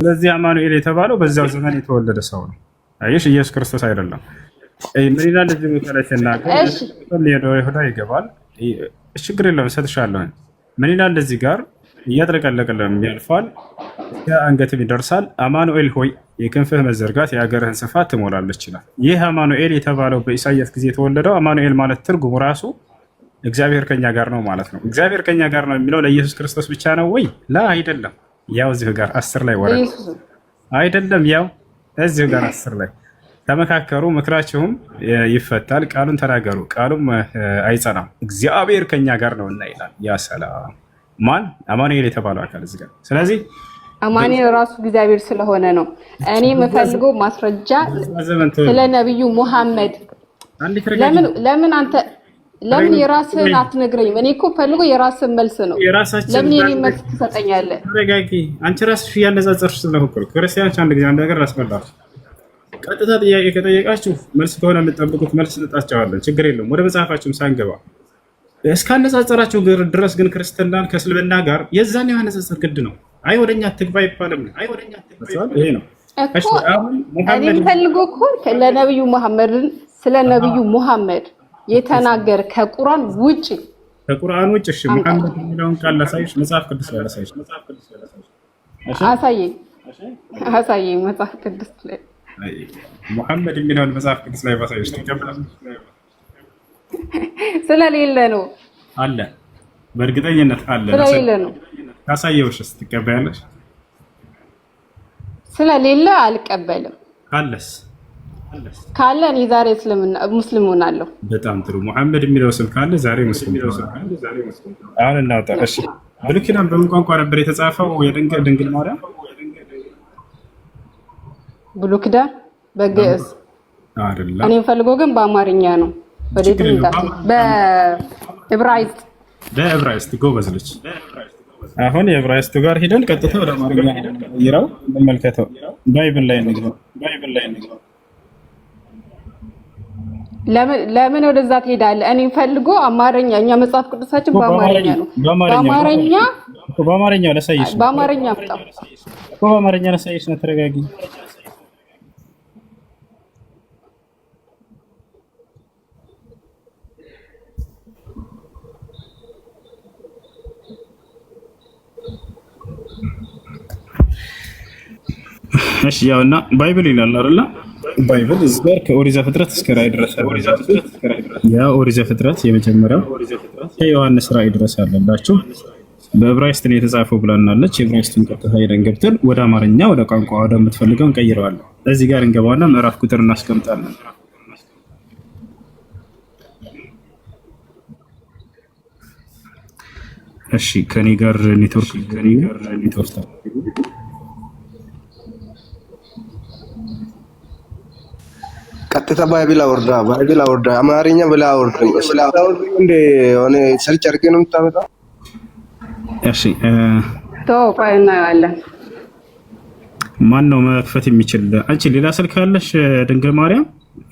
ስለዚህ አማኑኤል የተባለው በዚያው ዘመን የተወለደ ሰው ነው። አየሽ፣ ኢየሱስ ክርስቶስ አይደለም። ምን ይላል እዚህ ቦታ ላይ ሲናገር ይሁዳ ይገባል። ችግር የለም እሰጥሻለሁ። ምን ይላል እዚህ ጋር እያጥለቀለቅለም ያልፋል፣ እስከ አንገትም ይደርሳል። አማኑኤል ሆይ የክንፍህ መዘርጋት የአገርህን ስፋት ትሞላለች ይላል። ይህ አማኑኤል የተባለው በኢሳያስ ጊዜ የተወለደው አማኑኤል ማለት ትርጉሙ ራሱ እግዚአብሔር ከኛ ጋር ነው ማለት ነው። እግዚአብሔር ከኛ ጋር ነው የሚለው ለኢየሱስ ክርስቶስ ብቻ ነው ወይ? ላ አይደለም ያው እዚሁ ጋር አስር ላይ ወረ አይደለም ያው እዚሁ ጋር አስር ላይ ተመካከሩ፣ ምክራችሁም ይፈታል። ቃሉን ተናገሩ፣ ቃሉም አይጸናም፣ እግዚአብሔር ከኛ ጋር ነውና ይላል። ያ ሰላም ማን አማኑኤል የተባለው አካል እዚህ ጋር። ስለዚህ አማኑኤል ራሱ እግዚአብሔር ስለሆነ ነው። እኔ የምፈልገው ማስረጃ ስለ ነቢዩ ሙሐመድ ለምን አንተ ለምን የራስህን አትነግረኝም? እኔ እኮ ፈልጎ የራስህን መልስ ነው። ለምን የኔ መልስ ትሰጠኛለህ? ተረጋጊ። አንቺ ራስሽ እያነጻጸርሽ ስለሆነ ክርስቲያኖች አንድ ጊዜ አንድ ነገር ላስመላችሁ። ቀጥታ ጥያቄ ከጠየቃችሁ መልስ ከሆነ የምጠብቁት መልስ እንሰጣቸዋለን። ችግር የለም። ወደ መጽሐፋችሁም ሳንገባ እስካነጻጸራችሁ ድረስ ግን ክርስትናን ከእስልምና ጋር የዛን ያነጻጸር ግድ ነው። አይ ወደኛ ትግባ ይባልም ይሄ ነው እኮ እኔ ፈልጎ እኮ ለነብዩ መሐመድን ስለ ነብዩ መሐመድ የተናገር ከቁርአን ውጭ ከቁርአን ውጭ እሺ፣ መሐመድ የሚለውን ቃል ላሳይሽ፣ መጽሐፍ ቅዱስ ላይ ላሳይሽ፣ አሳየኝ፣ አሳየኝ፣ መጽሐፍ ቅዱስ ላይ መሐመድ የሚለውን መጽሐፍ ቅዱስ ላይ ባሳይሽ ትቀበላለሽ? ስለሌለ ነው አለ፣ በእርግጠኝነት አለ፣ ስለሌለ ነው። ካሳየውሽስ ትቀበያለሽ? ስለሌለ አልቀበልም። አለስ ካለ እኔ ዛሬ ሙስሊም ሆናለሁ። በጣም ጥሩ ሙሐመድ የሚለው ስም ካለ ዛሬ ሙስሊም አሁን እናውጣ። እሺ ብሉይ ኪዳን በምን ቋንቋ ነበር የተጻፈው? የድንግል ማርያም ብሉይ ኪዳን በግዕዝ አይደለም። እኔ ፈልጎ ግን በአማርኛ ነው። በዴት በዕብራይስጥ በዕብራይስጥ ጎበዝ ልጅ። አሁን የዕብራይስጡ ጋር ሂደን ቀጥታ ወደ አማርኛ ይራው እንመልከተው። ባይብል ላይ እንግባ። ባይብል ላይ እንግባ ለምን ወደዛ ትሄዳለህ? እኔ ፈልጎ አማርኛ እኛ መጽሐፍ ቅዱሳችን በአማርኛ ነው። በአማርኛ በአማርኛ ላሳይሽ ነው። በአማርኛ አምጣ እኮ በአማርኛ ላሳይሽ ነው። ተረጋጊ። እሺ ያውና ባይብል ይላል አይደል? ባይብል እዚህ ጋር ከኦሪት ዘፍጥረት እስከ ራዕይ ድረስ ያ ኦሪት ዘፍጥረት የመጀመሪያው ከዮሐንስ ራዕይ ድረስ ያለላችሁ በዕብራይስጥ ነው የተጻፈው ብላናለች። የዕብራይስጡን ቀጥታ ሄደን ገብተን ወደ አማርኛ ወደ ቋንቋ ወደ የምትፈልገው እንቀይረዋለን። እዚህ ጋር እንገባና ምዕራፍ ቁጥር እናስቀምጣለን። እሺ ከኔ ጋር ኔትወርክ ኔትወርክ ቀጥታ ባይብል አውርዳ ባይብል አውርዳ አማርኛ ብላ አውርደኝ እንደ ሰርች አድርጌ ነው የምታመጣው። እሺ ተው ቆይ እናየዋለን። ማን ነው መክፈት የሚችል? አንቺ ሌላ ስልክ አለሽ ድንግል ማርያም?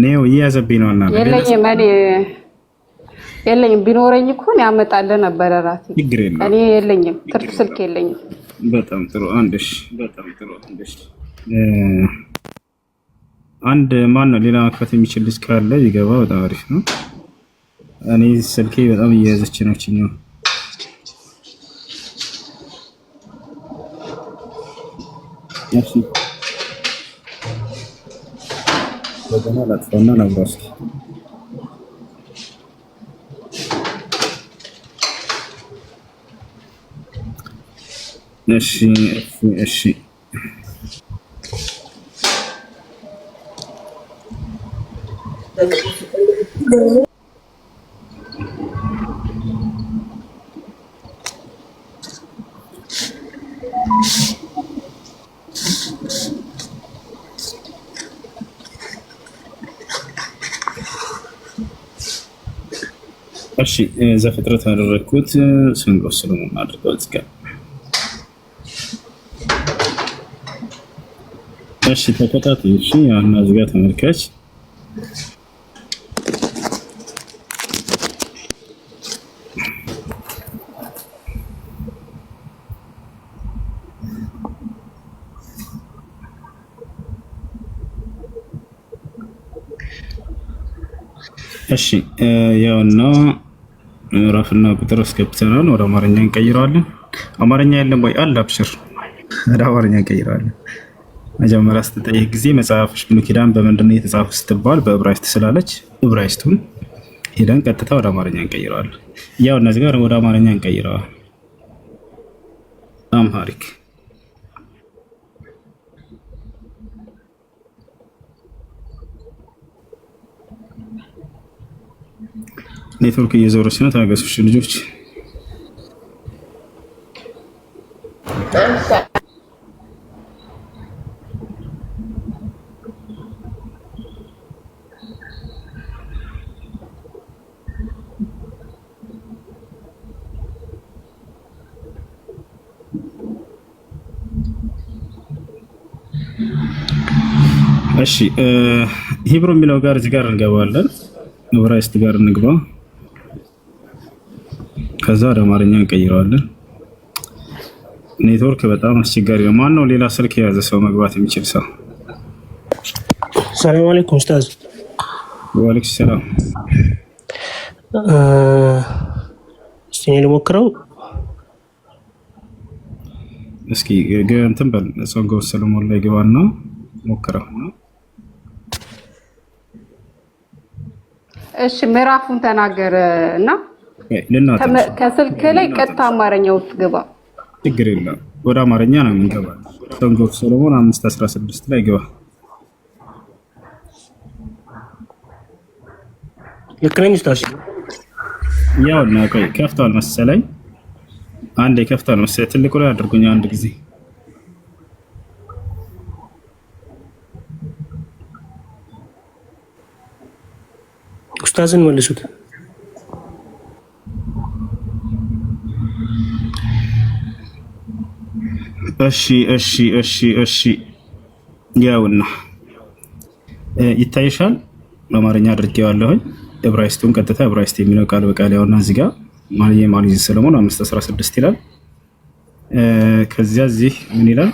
እኔ እየያዘብኝ ነው እና የለኝም እኔ የለኝም። ቢኖረኝ እኮ ነው ያመጣልህ ነበረ ራሴ። እኔ የለኝም፣ ትርፍ ስልክ የለኝም። በጣም ጥሩ አንድ። በጣም ጥሩ አንድ። አንድ ማን ነው ሌላ መክፈት የሚችል ልጅ ካለ ይገባ። በጣም አሪፍ ነው። እኔ ስልኬ በጣም እየያዘች ነው። ችኛው በገና ላጥፋና ነብራስ እሺ እሺ እሺ እሺ ዘፍጥረት ያደረግኩት ስንጎስ ሰሎሞን አድርገው እዚህ እሺ ተከታታይ እሺ ያና እዚህ ተመልካች እሺ ያውና ምዕራፍና ቁጥር አስገብተናል። ወደ አማርኛ እንቀይረዋለን። አማርኛ የለም ወይ? አለ አብሽር፣ ወደ አማርኛ እንቀይረዋለን። መጀመሪያ ስትጠይቅ ጊዜ መጽሐፎች ብሉይ ኪዳን በምንድን ነው ስትባል በዕብራይስጥ ስላለች ዕብራይስጡን ሄደን ቀጥታ ወደ አማርኛ እንቀይረዋለን። ያው እነዚህ ጋር ወደ አማርኛ እንቀይረዋል። አምሃሪክ ኔትወርክ እየዞረች ነው። ታገሱሽ ልጆች። እሺ ሂብሮ የሚለው ጋር እዚህ ጋር እንገባለን። ዕብራይስጥ ጋር እንግባ። ከዛ ወደ አማርኛ እንቀይረዋለን። ኔትወርክ በጣም አስቸጋሪ ነው። ማን ነው ሌላ ስልክ የያዘ ሰው መግባት የሚችል ሰው? ሰላም አለይኩም ኡስታዝ። ወአለይኩም ሰላም። እስቲ እኔ ልሞክረው። እስኪ እንትን በል ጾንጎ ሰለሞን ላይ ግባና ሞክረው። እሺ ምዕራፉን ተናገረ እና ከስልክ ላይ ቀጥታ አማርኛ ውስጥ ግባ፣ ችግር የለም። ወደ አማርኛ ነው የምንገባ። ሰንግ ኦፍ ሶሎሞን አምስት አስራ ስድስት ላይ ግባ። ልክ ነኝ ስታሽ ያው እና ቆይ ከፍቷል መሰለኝ። አንዴ ከፍቷል መሰለኝ። ትልቁ ላይ አድርጉኝ አንድ ጊዜ ኡስታዝን መልሱት። እሺ እሺ እሺ እሺ ያውና ይታይሻል። በአማርኛ አድርጌዋለሁኝ። እብራይስቱን ቀጥታ እብራይስት የሚለው ቃል በቃል ያውና እዚህ ጋር ማንየ ማሊዝ ሰለሞን 516 ይላል። ከዚያ እዚህ ምን ይላል?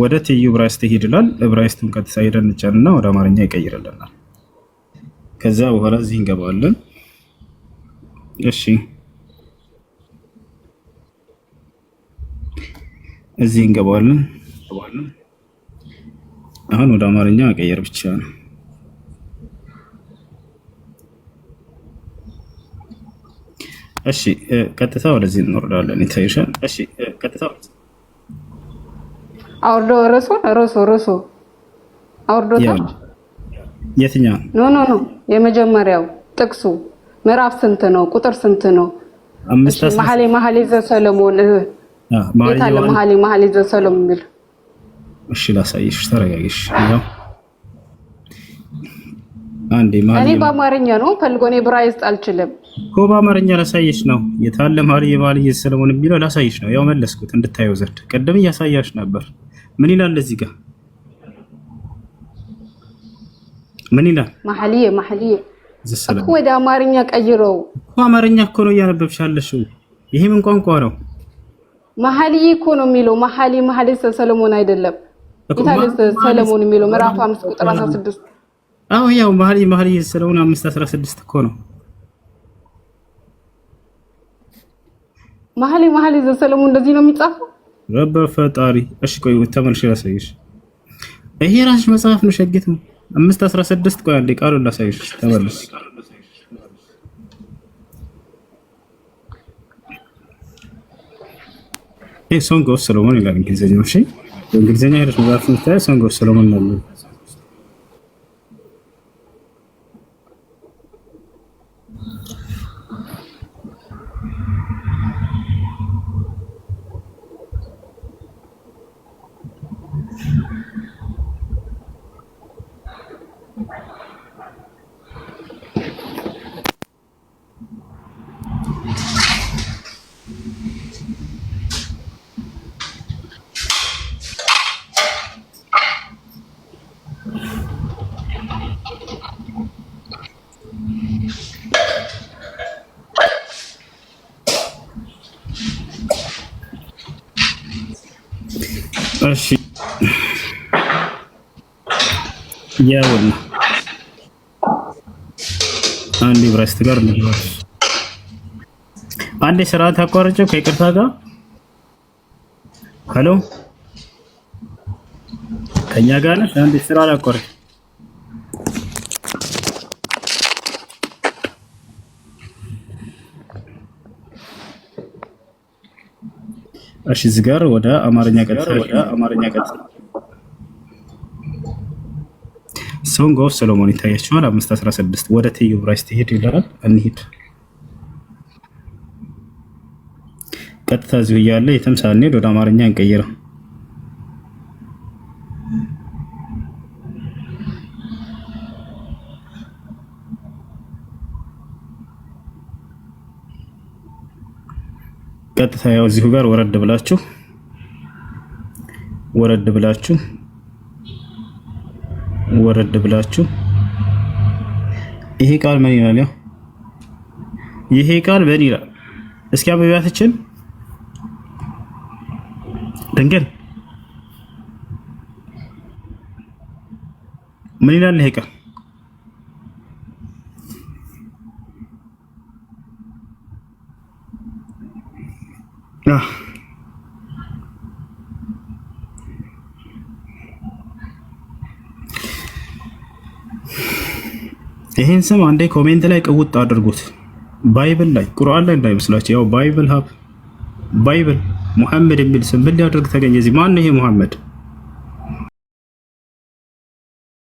ወደ ትዩ እብራይስት ይሄድላል። እብራይስቱን ቀጥታ ሄደን እንጫንና ወደ አማርኛ ይቀይርልናል። ከዛ በኋላ እዚህ እንገባዋለን። እሺ እዚህ እንገባለን። አሁን ወደ አማርኛ መቀየር ብቻ ነው። እሺ ቀጥታ ወደዚህ እንወርዳለን። ይታይሻል። እሺ ቀጥታ አውርዶ ረሶ ረሶ ረሶ አውርዶ የትኛ ኖ ኖ ኖ የመጀመሪያው ጥቅሱ ምዕራፍ ስንት ነው? ቁጥር ስንት ነው? አምስት መኃልየ መኃልየ ዘሰሎሞን የታለ መሀሌ መሀሌ ዘሰሎም የሚል እሺ፣ ላሳይሽ። ተረጋጊሽ። እኔ በአማርኛ ነው ፈልጎ፣ እኔ ብራይስጥ አልችልም እኮ በአማርኛ ላሳየሽ ነው። የታለ መሀሌ መሀሌ ዘሰሎሞን የሚለው ላሳየሽ ነው። ያው መለስኩት እንድታየው ዘንድ። ቀደም እያሳያሽ ነበር። ምን ይላል እዚህ ጋር? ምን ይላል? መሀልዬ መሀልዬ እኮ ወደ አማርኛ ቀይረው እኮ። አማርኛ እኮ ነው እያነበብሻለሽው። ይሄ ምን ቋንቋ ነው? መሀልዬ እኮ ነው የሚለው። መሀሌ መሀሌ ሰለሞን አይደለም። ሰለሞን የሚለው ምዕራፍ አምስት ቁጥር አስራ ስድስት አዎ ያው መሀሌ መሀሌ ሰለሞን አምስት አስራ ስድስት እኮ ነው። መሀሌ መሀሌ ዘሰለሞን እንደዚህ ነው የሚጻፈው። ረበ ፈጣሪ። እሺ ቆይ ተመልሼ ላሳይሽ። ይሄ ራስሽ መጽሐፍ ነው ሸጌት ነው አምስት አስራ ስድስት ቆይ አንዴ ቃሉ ላሳይሽ ተመልሽ ይህ ሶንግ ኦፍ ሰሎሞን ይላል እንግሊዝኛው። እሺ በእንግሊዝኛ ሄደሽ መጽሐፍ ስታይ ሶንግ ኦፍ ሰሎሞን እሺ ያውና አንድ ብራስት ጋር ልግባ። አንዴ ስርዓት አቋርጬው ከይቅርታ ጋር ሄሎ፣ ከኛ ጋር ነሽ? አንዴ ስርዓት አቋርጬ እሺ እዚህ ጋር ወደ አማርኛ ቀጥታ ወደ አማርኛ ቀጥታ ሶንግ ኦፍ ሶሎሞን ይታያችኋል። 516 ወደ ትዩ ብራይስ ትሄድ ይላል። እንሂድ ቀጥታ እዚሁ እያለ የተምሳሌ ወደ አማርኛ እንቀይረው። ቀጥታ ያው እዚሁ ጋር ወረድ ብላችሁ ወረድ ብላችሁ ወረድ ብላችሁ ይሄ ቃል ምን ይላል? ያው ይሄ ቃል ምን ይላል? እስኪ አበቢያትችን ድንግል ምን ይላል ይሄ ቃል? ይህን ስም አንዴ ኮሜንት ላይ ቅውጥ አድርጉት። ባይብል ላይ ቁርአን ላይ እንዳይመስላችሁ። ያው ባይብል ሀብ ባይብል ሙሐመድ የሚል ስም ምን ሊያደርግ ተገኘ? እዚህ ማን ይሄ ሙሐመድ?